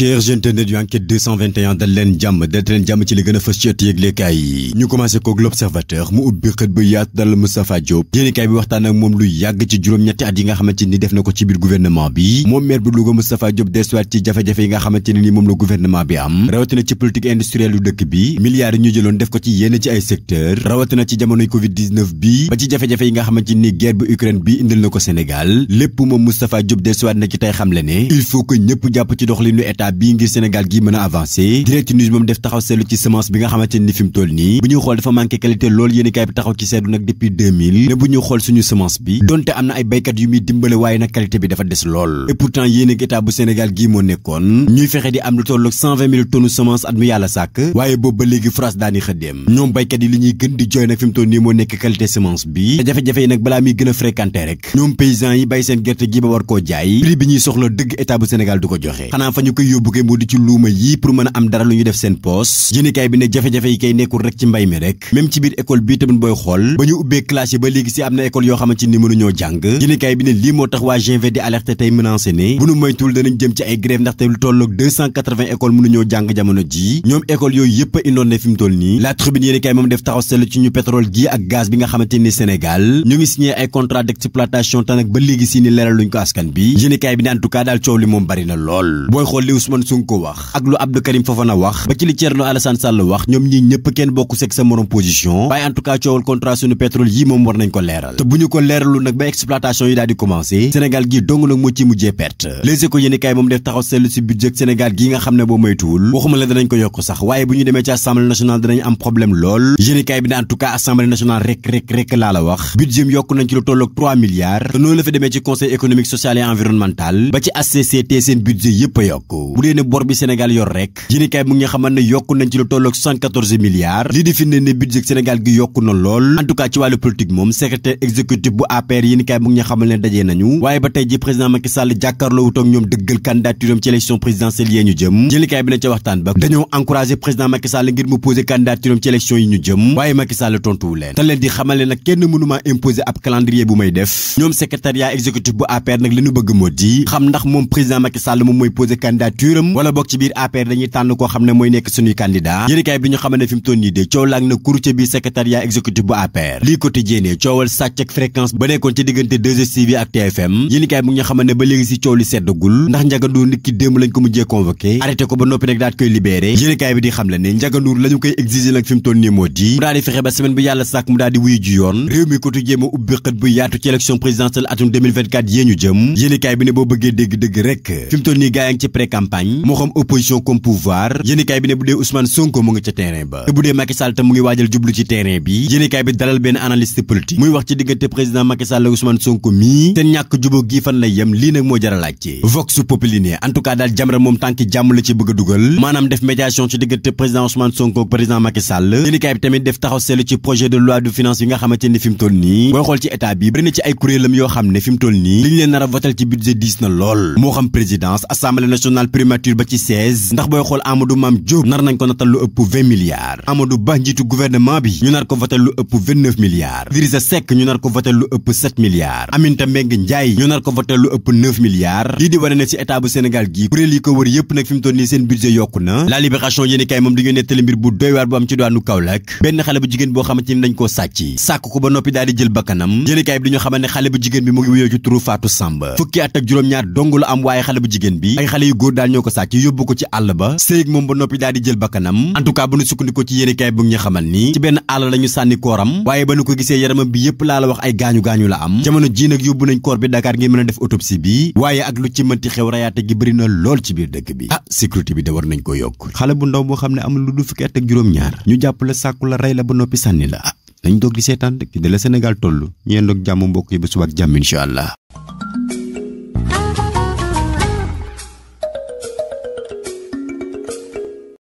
chers internet yu enquête dal leen jàmm dal leen jàmm ci li gën fës ci ëtt yëglekaay yi ñu commencé koog l'observateur mu ubbi xët ba yaatu dalal Moustapha Diop yéenekaay bi waxtaan ak moom lu yàgg ci juróom-ñetti at yi nga xamante ni def na ko ci biir gouvernement bi moom maire bu Louga Moustapha Diop desuwaat ci jafe-jafe yi nga xamante ne ni moom la gouvernement bi am rawatina ci politique industrielle dëkk bi milliards yi ñu jëloon def ko ci yenn étape bi ngir Sénégal gi mën a avancé direct news moom def taxaw seetlu ci semence bi nga xamante ni fi mu toll nii bu ñuy xool dafa manqué qualité loolu yéen kaay bi taxaw ci seetlu nag depuis ne bu ñuy xool suñu semence bi donte am na ay béykat yu muy dimbale waaye nag qualité bi dafa des lool et pourtant yéen ak état moo nekkoon ñuy fexe di am lu tolloog 120 at mu yàlla sàkk waaye boobu léegi France daani xëddeem ñoom béykat yi li ñuy gën di a fréquenté rek ñoom bukkee moo di ci luuma yi pour mën a am dara lu ñu def seen poos yéenekaay bi ne jafe-jafe yi kay nekkul rek ci mbay mi rek même ci biir école bii tamit booy xool ba ñu ubbee classe yi ba léegi si am na école yoo xamante ni mënuñoo jàng yéenekaay bi ne lii moo tax waa G20 di alerté tey menacé ne bu nu moytul danañ jëm ci ay grève ndaxte lu tolloog 280 école mënuñoo jàng jamono yooyu yëpp a indoon ne fi mu toll nii la tribune yéenekaay moom def taxaw seetlu ci ñu pétrole gi ak gaz bi nga xamante ni Sénégal ñu ngi signé ay contrat d'exploitation te nag ba léegi si ni leeral luñ ko askan bi yéenekaay bi ne en tout moom bari na lool Ousmane Sonko wax ak lu Abdou Karim Fofana wax ba ci li Thierno Alassane Sall wax ñoom ñi ñëpp kenn bokku sek sa morom position waaye en tout cas coowal contrat suñu pétrole yi moom war nañ ko leeral te bu ñu ko leeralu nag ba exploitation yi daal di Sénégal gi dong nag moo ci mujjee perte Les Échos yéeni kaay moom def taxaw seetlu si budget Sénégal gi nga xam ne boo moytuwul waxuma la danañ ko yokk sax waaye bu ñu demee ci assemblée nationale danañ am problème lool yéeni yokk nañ ci lu tolloog 3 milliards te noonu la fa demee ci conseil réew bu dee ne bor bi Sénégal yor rek yéenekaay mu ngi xamal ne yokku nañ ci lu tolloog 114 milliards lii di fi ne ne budget Sénégal gi yokku na lool en ci wàllu politique moom secrétaire exécutif bu APR yéenekaay mu ngi xamal ne dajee nañu waaye ba tey ji président Macky Sall jàkkaarloo ñoom dëggal candidature ci élection présidentielle yi ñu jëm yéenekaay bi na ca waxtaan ba dañoo encouragé président Macky ngir mu poser candidature ci candidature am bokk ci biir APR dañuy tànn koo xam ne mooy nekk suñuy candidat yéenekaay bi ñu xamal ne fi mu nii de coow laag na kurce biir secrétariat exécutif bu APR lii quotidien ne coowal sàcc ak fréquence ba nekkoon ci diggante 2STV ak TFM yéenekaay bi ñu xamal ne ba léegi si coow li seddagul ndax njaganduur nit ki démb lañ ko mujjee convoqué arrêté ko ba noppi nag daat koy libéré yéenekaay bi di xam la ne boo bëggee campagne moo xam opposition comme pouvoir yéenekaay bi ne bu dee Sonko mu ngi ca terrain ba te bu dee Macky mu ngi waajal jublu ci terrain bi yéenekaay bi dalal benn analyste politique muy wax ci diggante président Macky Sall Sonko mii seen ñàkk jubóo gi la yem lii nag moo jar a Vox Populi ne en tout cas daal Jamra moom tànki jàmm la ci bëgg a dugal maanaam def médiation ci diggante président Ousmane Sonko ak président Macky Sall primature ndax booy xool Amadou Mame Diop nar nañ ko natal lu ëpp 20 milliards Amadou Ba bi ñu nar ko votal lu ëpp 29 milliards Idrissa Seck ñu nar ko votal lu ëpp 7 lii di wane ne ci état bu Sénégal kuréel yi ko wër yépp nag fi mu nii seen budget yokku na la libération yéeni kaay moom nettali mbir bu doy waar bu am ci diwaanu Kaolack benn xale bu jigéen boo xamante ni dañ koo sàcc sàkk xamal ne xale bu jigéen bi mu ngi wuyoo ci ñoo ko sàcc yóbbu ko ci àll ba séeg moom ba noppi daal di jël bakkanam en tout cas bu nu sukkandikoo ci yéenekaay bu ñu xamal ni ci benn àll lañu sànni kooram waaye ba nu ko gisee yaramam bi yépp laa la wax ay gaañu-gaañu la am jamono ji nag yóbbu nañ koor bi Dakar ngir mën a def autopsie bi waaye ak lu ci mënti xew rayaate gi bëri na lool ci biir dëkk bi ah sécurité bi da war nañ ko yokk xale bu ndaw boo xam ne amul lu du fukki at ak juróom-ñaar ñu jàpp la sàkku la rey la ba noppi sànni la ah nañ doog di seetaan dëkk de la Sénégal toll ñeen doog jàmm mbokk yi ba subaak jàmm incha allah